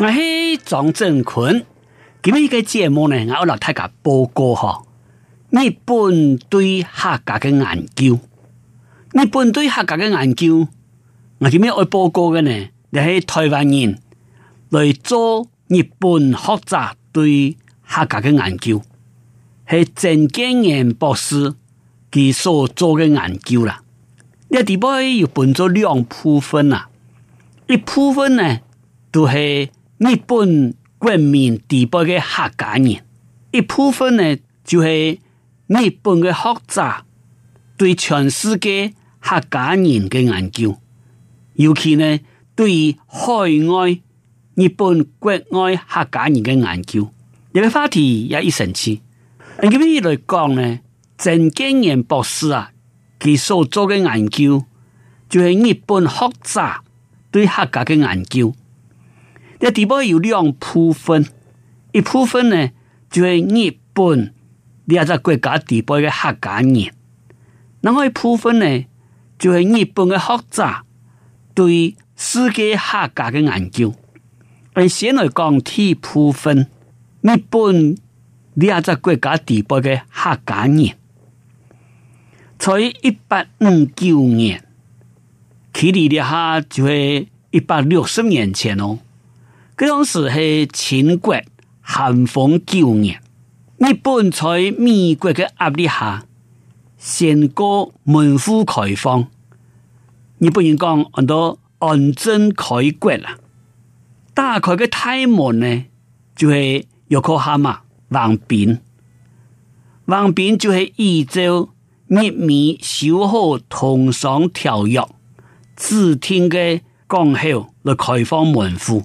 我係張正坤，今日個節目呢，我嚟太下報告哈。日本對客家嘅研究，日本對客家嘅研究，本對研究我點有去報告的呢？你係台灣人來做日本學者對客家嘅研究，是鄭建炎博士佢所做的研究啦。呢地方有分做兩部分啊，一部分呢都、就是日本國民地步嘅客家人，一部分呢就係、是、日本嘅學者對全世界客家人嘅研究，尤其呢對海外日本國外客家人嘅研究。呢個話題也一層次，咁呢嚟講呢，鄭經元博士啊，佢所做嘅研究就係、是、日本學者對客家嘅研究。呢地波有兩部分，一部分呢就係日本兩隻國家地波嘅客家概念，另外一部分呢就係日本嘅學者對世界客家嘅研究。而先嚟講天部分，日本兩隻國家地波嘅客家概念，在一八五九年，距離哈，就係一百六十年前咯、哦。嗰當時係清國咸豐九年，日本在美國嘅壓力下，宣告門戶開放。日本人講，好多安怎開國啦。打開佢嘅大門呢，就係約克夏蟆橫濱。橫濱就係依照日美修好通商條約，制定嘅港口來開放門戶。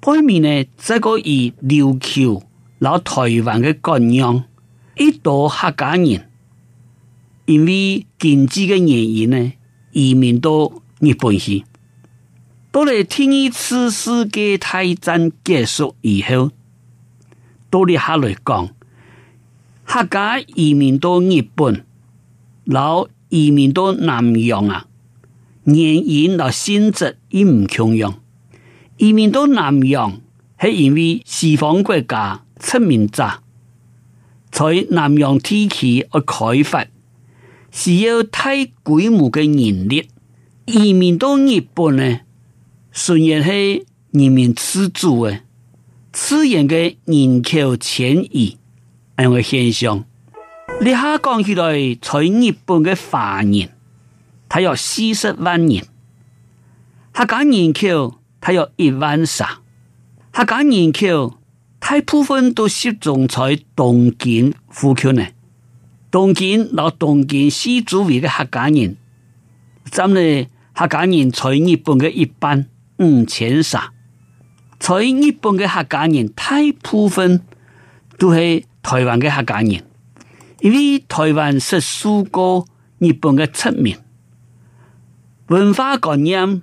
背面呢，這個以琉球、老台灣的觀樣一度客家人，因為經濟的原因呢，移民到日本去，到嚟第二次世界大戰結束以後，到你哈雷講，客家移民到日本，老移民到南洋啊，原因到新職，伊唔窮樣。移民到南洋，是因為西方國家出名早，在南洋地區而開發是要太規模的人力。移民到日本呢，純係係人民自主嘅，自然的人口遷移咁嘅現象。你下講起來在日本的華人，他要四十萬人，他講人口。睇有一萬三客家人口，大部分都集中在東京戶口呢。東京老東京西周圍的客家人，真呢客家人在日本的一般五千三。在日本的客家人，大部分都是台灣的客家人，因為台灣是數過日本的出名文化觀念。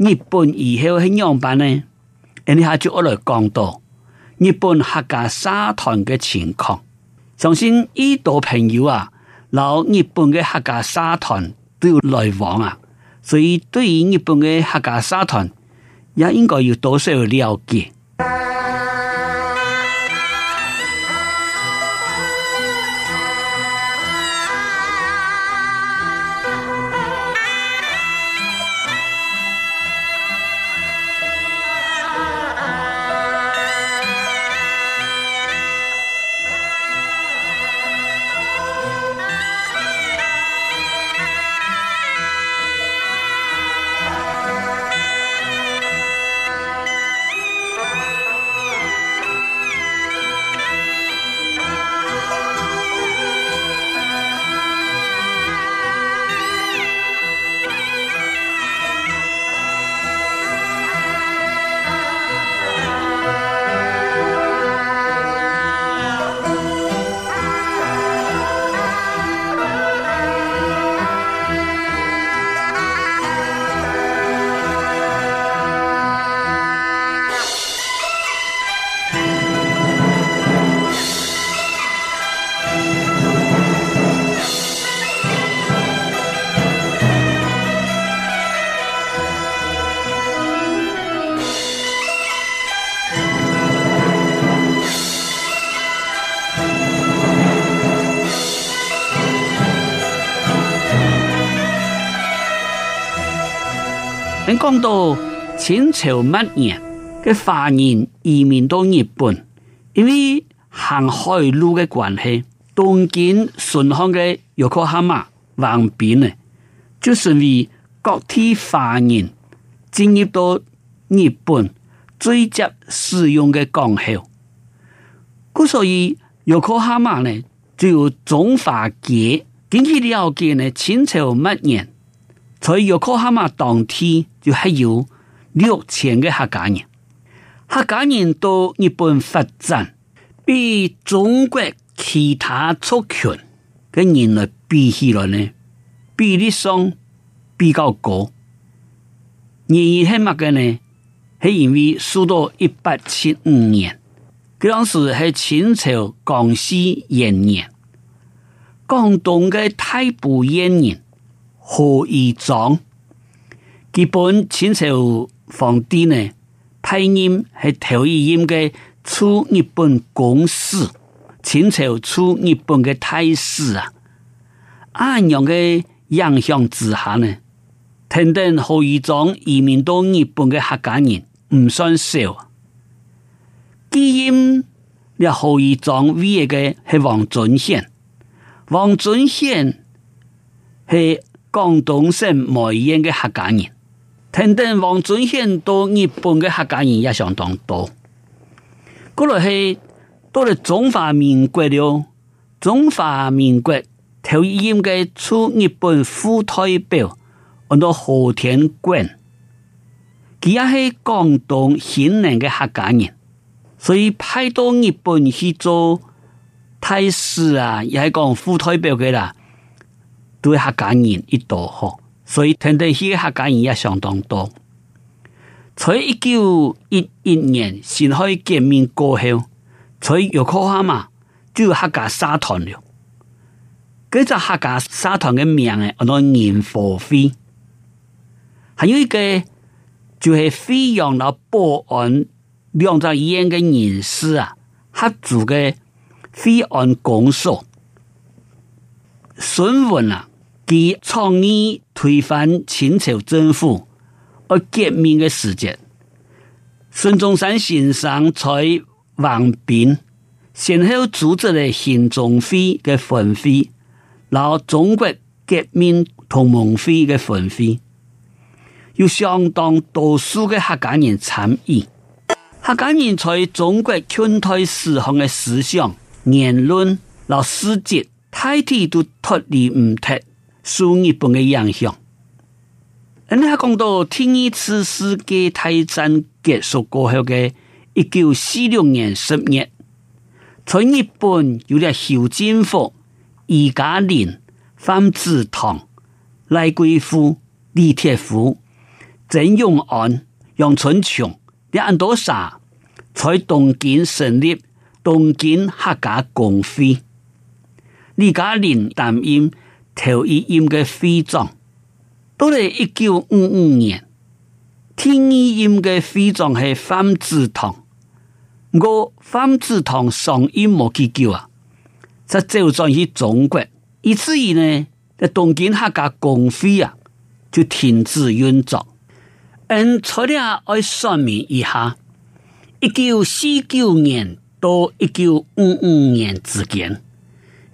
日本以後係樣板呢，而家就我來講到日本客家沙團嘅情況。首先，呢度朋友啊，老日本嘅客家沙團都要來往啊，所以對於日本嘅客家沙團也應該要多少了解。講到清朝末年，嘅華人移民到日本，因為行海路嘅關係，東京順行嘅玉科哈馬橫濱呢，就是為國際華人進入到日本最早使用嘅港口。所以玉科哈馬呢就有中華街，跟佢了解呢，清朝末年，在玉科哈馬當天。就還有六千個客家人，客家人都日本發展，比中國其他族群嘅人來比起來呢，比例上比較高。原因係乜個呢？係因為數到一八七五年，嗰當時係清朝廣西延年，廣東的太僕延年何義壯。日本清朝皇帝呢，派閹係頭一閹嘅出日本公使，清朝出日本嘅太師啊，安陽嘅影響之下呢，等等後裔長移民到日本嘅客家人唔算少，基因你後裔長 V 的係黃遵憲，黃遵憲係廣東省梅縣嘅客家人。天津、聽聽黃遵憲到日本的客家人也相當多，嗰個係到了中華民國了。中華民國頭應該出日本赴台表，我、嗯、到后田館，佢係廣東興寧的客家人，所以派到日本去做大使啊，也係講赴台表嘅啦，對客家人亦都好。所以天地墟客家人也相當多。在一九一一年辛亥革命過後，在玉口下嘛就有客家沙團了。嗰隻客家沙團的名誒，我諗鹽火飛。還有一個就是飛揚了寶安兩莊醫院嘅人士啊，佢做的飛安公社孫文啊。給倡議推翻清朝政府而革命的事件，孫中山先生在橫濱先後組織了興中會嘅分會，然後中國革命同盟會的分會，有相當多數的客家人參與。客家人在中國近代史上嘅思想、言論、老事蹟、態度都脫離唔脫。受日本嘅影響，人家講到第二次世界大戰結束過後嘅一九四六年十月，在日本有了橋建福、李家林、范子堂、賴桂富、李鐵夫鄭永安、楊春強、李安多沙，在東京成立東京客家公會。李家林擔任。頭一任嘅飛藏，都係一九五五年。聽一任嘅飛藏係方志堂，我方志堂上音冇幾久啊。實就講起中國，以至於呢，在東京客家公會啊，就停止運作。嗯，粗略來說明一下，一九四九年到一九五五年之間。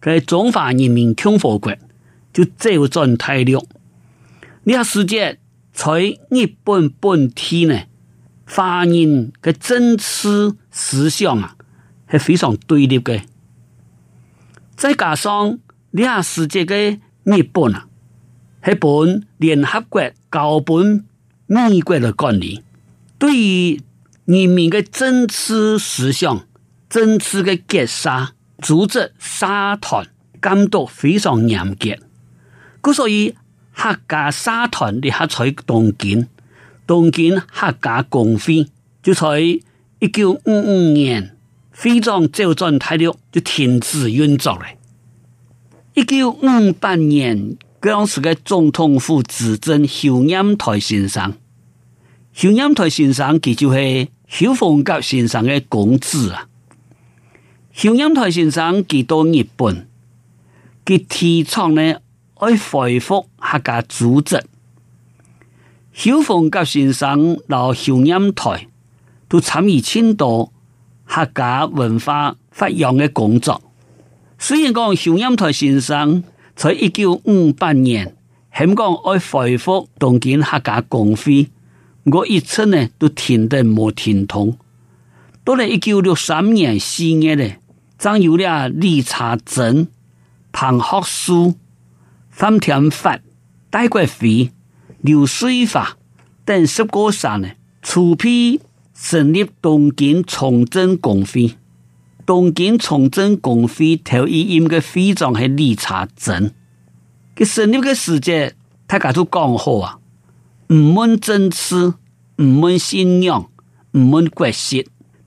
佢中華人民共和國就這有戰鬥力。你、這、下、個、世界在日本本地呢，華人嘅政治思想啊，係非常對立嘅。再加上你下世界的日本啊，日本聯合國高本美國的管理，對於人民的政治思想、政治的扼殺。組織沙團監督非常嚴格，故所以客家沙團呢，喺采動建，動建客家公會就喺一九五五年，非常作戰太烈就停止運作啦。一九五八年，當時的總統府執政熊蔭台先生，熊蔭台先生佢就是小鳳吉先生的公子啊。雄音台先生幾到日本，佢提倡呢愛回復客家組織。小鳳及先生到雄音台都參與簽到客家文化發揚的工作。雖然講雄音台先生在一九五八年，香港愛回復重建客家公會，我以前呢都聽得無聽懂。到了一九六三年四月嘞，張有良李查鎮、彭福斯、三田發、戴國飛、劉水發等十個山呢，首批成立東京重振工會。東京重振工會頭一任嘅會長是李查鎮。佢成立嘅時節，他講出講好啊，唔問政治，唔問信仰，唔問關係。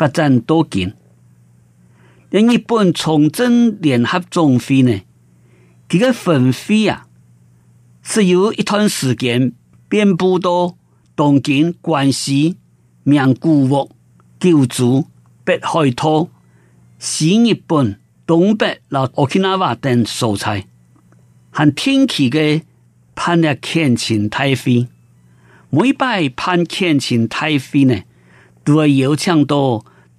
發展多見，日本重振聯合總會，呢，幾個分會啊，是由一段時間遍布到東京、關西、名古屋、九州、北海道、新日本、東北、老屋基瓦等所在，很定期的派了天譴大會，每擺派天譴大會呢，都會邀請到。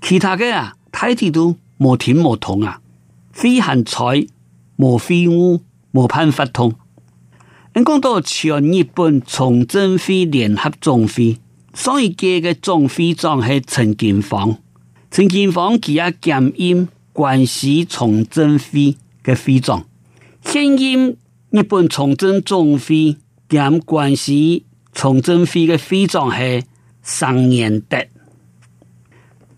其他嘅啊，睇都無斷無痛啊，飛行彩無飛烏無噴發痛。你講到全日本崇正會聯合總會，上一屆嘅總會長係陳建芳，陳建芳佢阿兼任香港崇正會嘅會長。現任日本崇正總會兼香港崇正會嘅會長係常年德。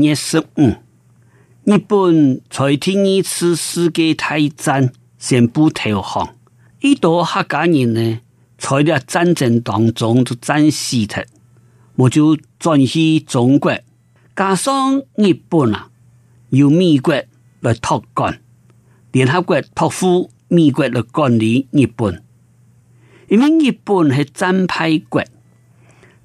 一說，嗯，日本在第二次世界大戰全部投降。一到客家人呢，在戰爭當中就戰死脫，我就轉去中國，加上日本啊，由美國來託管，聯合國託付美國嚟管理日本，因為日本是戰敗國。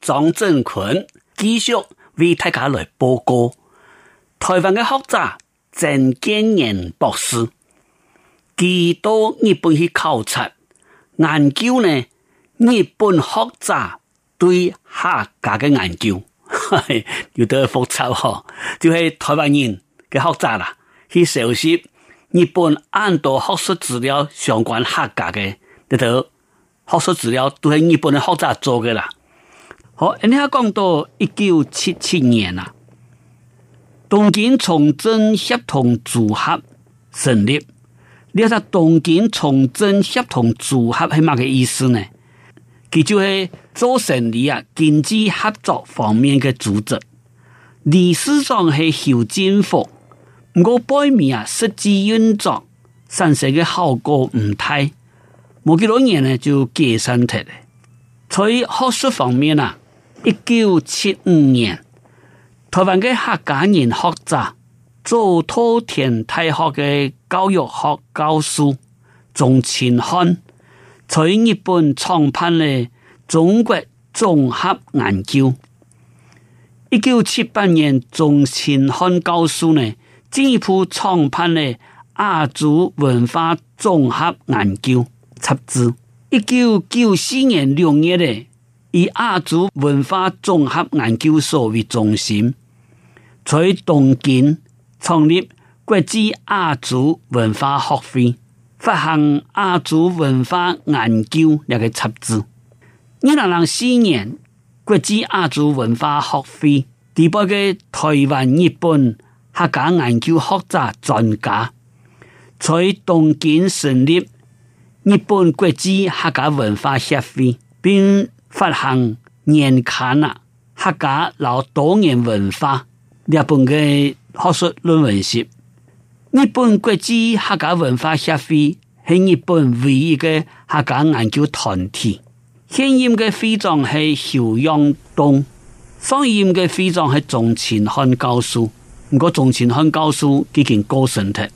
張振坤繼續為大家來播歌。台灣的學者鄭建仁博士，幾多日本去考察研究呢？日本學者對客家的研究， 有啲複雜哦，就係台灣人嘅學者啦。去熟悉日本很多學術資料相關客家的，呢啲學術資料都係日本的學者做嘅啦。好，你下講到一九七七年啦，東京重鎮協同組合成立。你睇下東京重鎮協同組合是乜個意思呢？其就是做成立啊，經濟合作方面的組織。歷史上係喬建福，我背面啊實際運作產生嘅效果唔太。冇幾多年呢就解散脫，所以學術方面啊。一九七五年，台灣嘅客家人學者做拖田大學嘅教育學教授，鍾清漢在日本創辦了中國綜合研究。一九七八年，鍾清漢教授呢進一步創辦了亞洲文化綜合研究雜誌。一九九四年六月呢。以阿族文化綜合研究所為中心，在東京創立國際阿族文化學會，發行阿族文化研究那個雜誌。二零零四年，國際阿族文化學會第八屆台灣、日本客家研究學者專家，在東京成立日本國際客家文化協會，並。發行年刊啊，客家老黨員文化日本嘅學術論文時，日本國際客家文化協會係日本唯一嘅客家研究團體。現任嘅會長係邵央東，鮮艷嘅會長係仲前漢教授，唔過仲前漢教授佢已經過身特。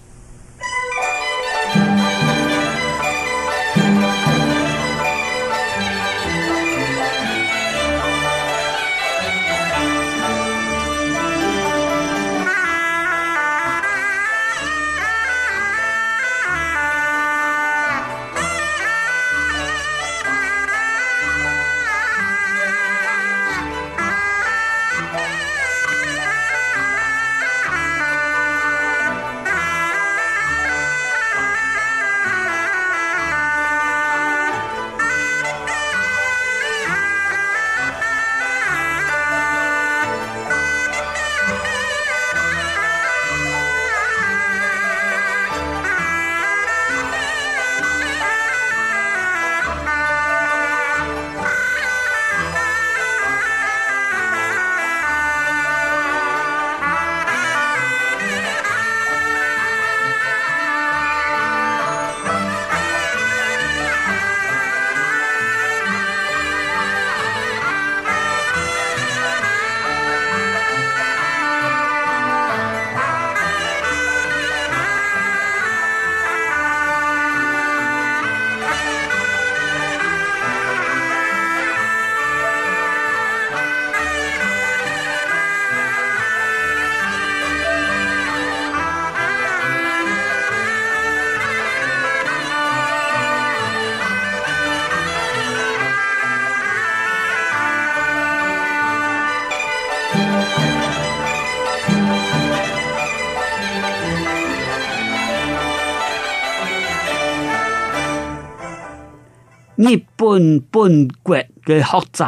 日本本國的學者，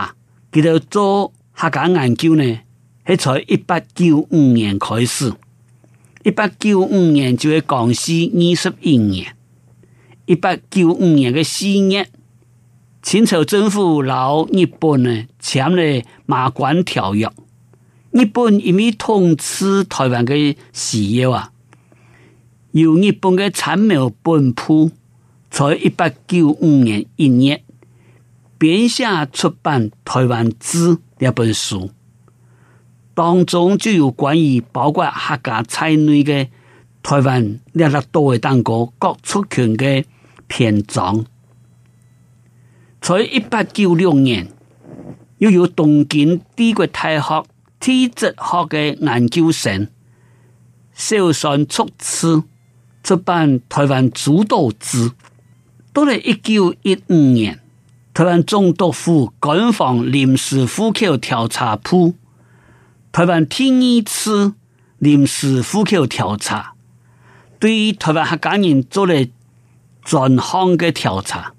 佢就做客家研究呢，係在一八九五年開始。一八九五年就係光緒二十一年。一八九五年的四月，清朝政府留日本呢，簽嚟馬關條約。日本因為統治台灣的事業啊，由日本嘅參謀本部。在一八九五年一月，編寫出版《台灣志》一本書，當中就有關於包括客家在內的台灣兩大多位各族群的篇章。在一八九六年，又有東京帝國大學地質學的研究生蕭山出次出版《台灣諸島志》。都了一九一五年，台灣總督府官方臨時戶口調查部，台灣第一次臨時戶口調查，對台灣客家人做了專項的調查，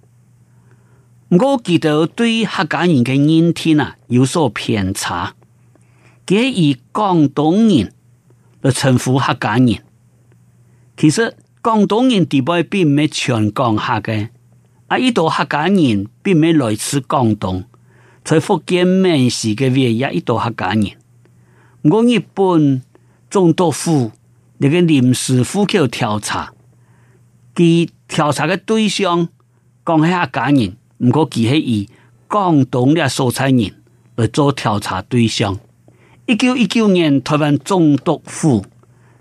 我記得對客家人的認定啊有所偏差，給以廣東人嘅稱呼客家人，其實。廣東人地位並唔係長江下嘅，啊一度客家人並唔係來自廣東，在福建閩西嘅話也一度客家人。我日本總督府，你嘅臨時戶口調查，佢調查嘅對象，講係客家人唔過只係以廣東嘅蘇菜人嚟做調查對象。一九一九年台灣總督府。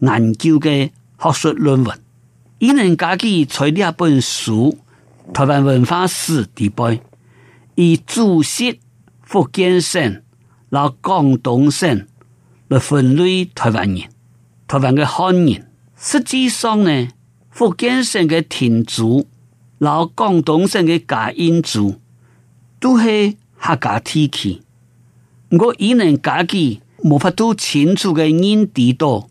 研究的學術論文，伊能嘉矩在呢一本書《臺灣文化史》底背，以注釋福建省、老廣東省來分類臺灣人、臺灣的漢人。實際上呢，福建省的汀州、老廣東省的嘉應州，都係客家地區。我伊能嘉矩無法度清楚的英地道。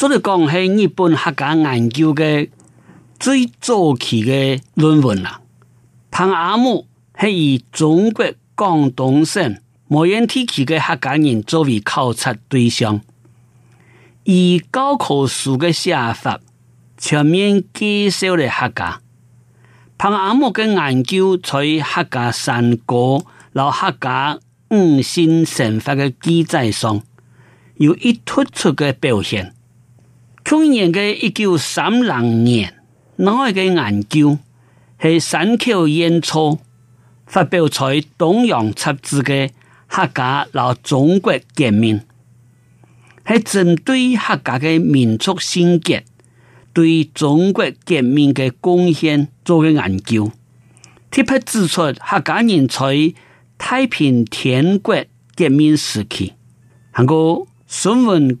做個講係日本客家研究的最早期的論文啦。彭阿姆係以中國廣東省梅縣地區嘅客家人作為考察對象，以教科書嘅寫法全面介紹了客家。彭阿姆嘅研究在客家山歌老客家五線神法的記載上有一突出的表現。去年嘅一九三零年，嗰個研究係山口演出發表在《東洋雜誌》嘅《客家老中國革命》，係針對客家嘅民族性格對中國革命嘅貢獻做嘅研究，特別指出客家人在太平天國革命時期，韓國孫文。